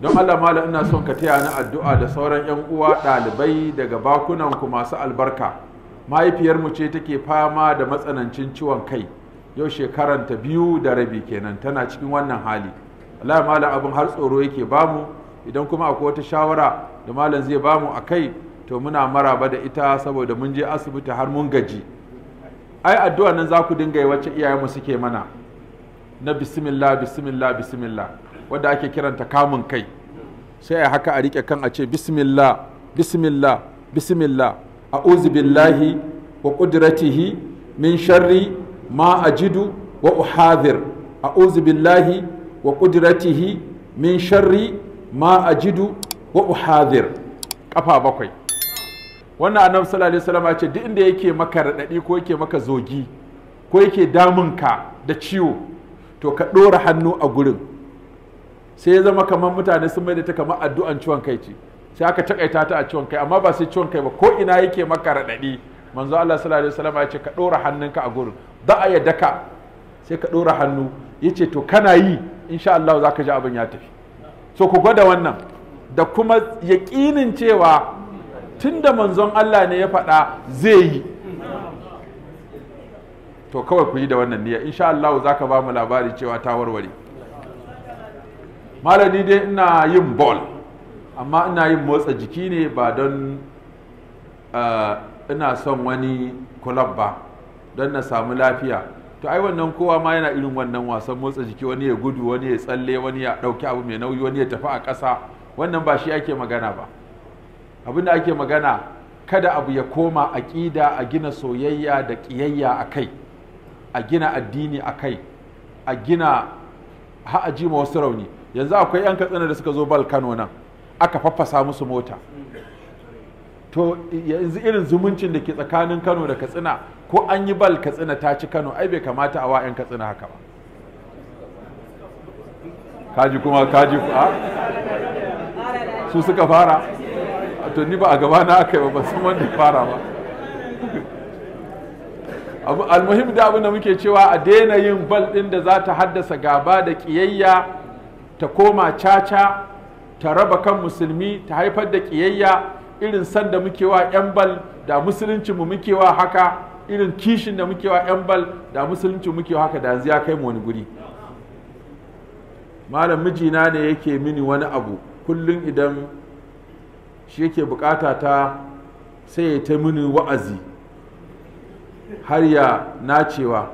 don Allah mala ina son ka taya ni addu'a da sauran yan uwa ɗalibai daga bakunan ku masu albarka mahaifiyarmu ce take fama da matsanancin ciwon kai yau shekaran ta biyu da rabi kenan tana cikin wannan hali Allah mala abin har tsoro yake bamu idan kuma akwai wata shawara da malam zai bamu a kai to muna maraba da ita saboda mun je asibiti har mun gaji ai addu'a nan za ku dinga yi wacce iyayenmu suke mana na bismillah bismillah bismillah wadda ake kiranta kamun kai sai a haka a rike kan a ce bismillah bismillah bismillah a'udhu billahi wa qudratihi min sharri ma ajidu wa uhadhir a'udhu billahi wa qudratihi min sharri ma ajidu wa uhadhir kafa bakwai wannan annabi sallallahu alaihi wasallam ce duk inda yake maka radadi ko yake maka zogi ko yake damunka da ciwo to ka ɗora hannu a gurin sai ya zama kamar mutane sun maida ta kamar addu'an ciwon kai ce sai aka takaita ta a ciwon kai amma ba sai ciwon kai ba ko ina yake maka raɗaɗi manzo Allah sallallahu alaihi wasallam ya ce ka ɗora hannunka a gurin da a ya daka sai ka ɗora hannu ya ce to kana yi insha Allah za ka ji abin ya tafi so ku gwada wannan da kuma yaƙinin cewa tunda manzon Allah ne ya faɗa zai yi to kawai ku yi da wannan niyya insha Allah za ka ba mu labari cewa ta warware malami dai ina yin ball amma ina yin motsa jiki ne ba don eh, ina son wani kulab ba don na samu lafiya to ai wannan kowa ma yana irin wannan wasan motsa jiki wani ya gudu wani ya tsalle wani ya ɗauki abu mai nauyi wani ya tafi a ƙasa wannan ba shi ake magana ba abin da ake magana kada abu ya koma aƙida a gina soyayya da ƙiyayya a kai a gina addini a kai a gina ha'aji ma wasu rauni yanzu akwai 'yan katsina da suka zo bal kano nan aka faffasa musu mota to yanzu irin zumuncin da ke tsakanin kano da katsina ko an yi bal katsina ta ci kano ai bai kamata a wa 'yan katsina haka ba kaji kuma kaji ku su suka fara to ni ba a gaba na aka yi ba sun wanda fara ba almuhim da abin da muke cewa a daina yin bal ɗin da za ta haddasa gaba da ƙiyayya ta koma caca ta raba kan musulmi ta haifar da ƙiyayya irin san da muke wa ƴan bal da mu muke wa haka irin kishin da muke wa 'yan bal da musulunci muke wa haka da yanzu ya kai mu wani guri malam mijina ne yake mini wani abu kullum idan shi yake bukata ta sai ya ta mini wa'azi har ya nacewa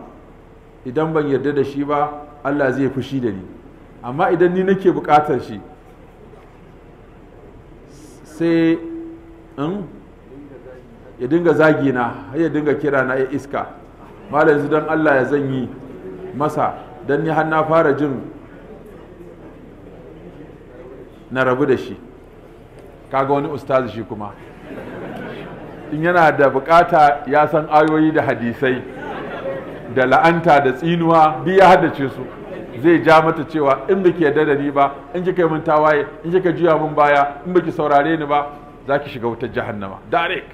idan ban yarda da shi ba allah zai fushi da ni amma idan ni nake bukatar shi sai in hmm? ya dinga zagi na har ya dinga kira na ya iska malam yanzu don allah ya zan yi masa don ni har na fara jin na rabu da shi kaga wani ustaz shi kuma in yana da bukata ya san ayoyi da hadisai da la'anta da tsinuwa duk ya haddace su zai ja mata cewa in baki yarda da ni ba in kika yi min tawaye in kika juya min baya in baki saurare ni ba za ki shiga wutar jahannama direct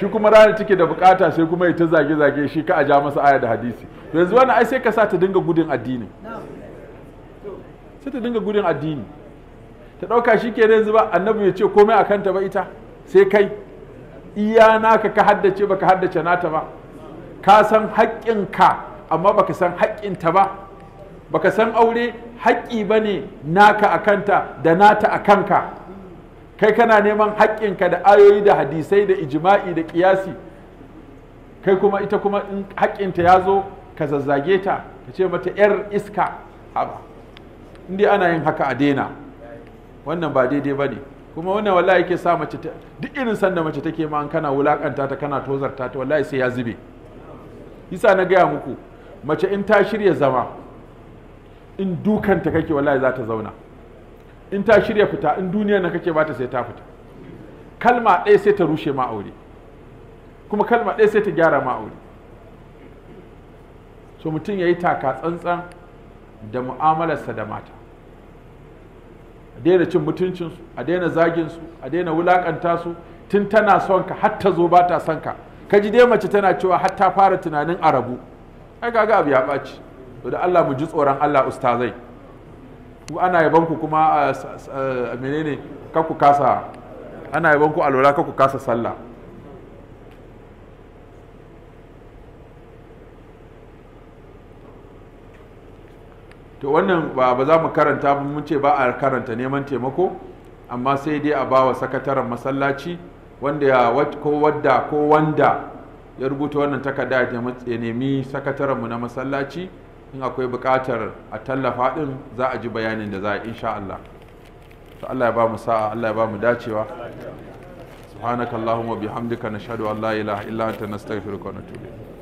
shi kuma ranar take da bukata sai kuma ita zage zage shi ka a ja masa aya da hadisi to yanzu wannan ai sai ka sa ta dinga gudun addini sai ta dinga gudun addini ta dauka shi ke yanzu ba annabi ya ce komai akan ta ba ita sai kai iya naka ka haddace baka haddace nata ba ka san haƙƙinka amma baka san haƙƙinta ba baka san aure haƙƙi ba ne naka a kanta da nata a kanka kai kana neman haƙƙinka da ayoyi da hadisai da ijima'i da ƙiyasi kai kuma ita kuma in haƙƙinta ya zo ka zazzage ta ka ce mata 'yar iska haba inda ana yin haka a daina wannan ba daidai ba ne kuma wannan wallahi yake sa mace ta duk irin sanda mace take ma kana wulakanta ta kana tozarta ta wallahi sai ya zube yasa na gaya muku mace in ta shirya zama in dukanta kake wallahi za ta zauna in ta shirya fita in duniyar na kake bata sai ta fita kalma ɗaya sai ta rushe ma aure kuma kalma ɗaya sai ta gyara ma aure so mutum ya yi taka tsantsan da mu'amalarsa da mata a daina cin mutuncinsu a daina zaginsu a daina wulakanta su tun tana son ka har ta zo ba ta son ka ka ji dai mace tana cewa har ta fara tunanin arabu ai ga abu ya to da Allah mu ji tsoron Allah ustazai ku ana yaban ku kuma menene ku kasa ana yaban ku alwala ku kasa sallah to wannan ba za mu karanta mun ce ba a karanta neman taimako amma sai dai a bawa sakataren masallaci wanda ya ko wadda ko wanda ya rubuta wannan takarda ya nemi mu na masallaci in akwai buƙatar a tallafa ɗin za a ji bayanin da za a insha Allah to Allah ya ba mu sa'a Allah ya ba mu dacewa subhanakallahumma bihamdika nashhadu an la ilaha illa anta nastaghfiruka wa natubu ilayk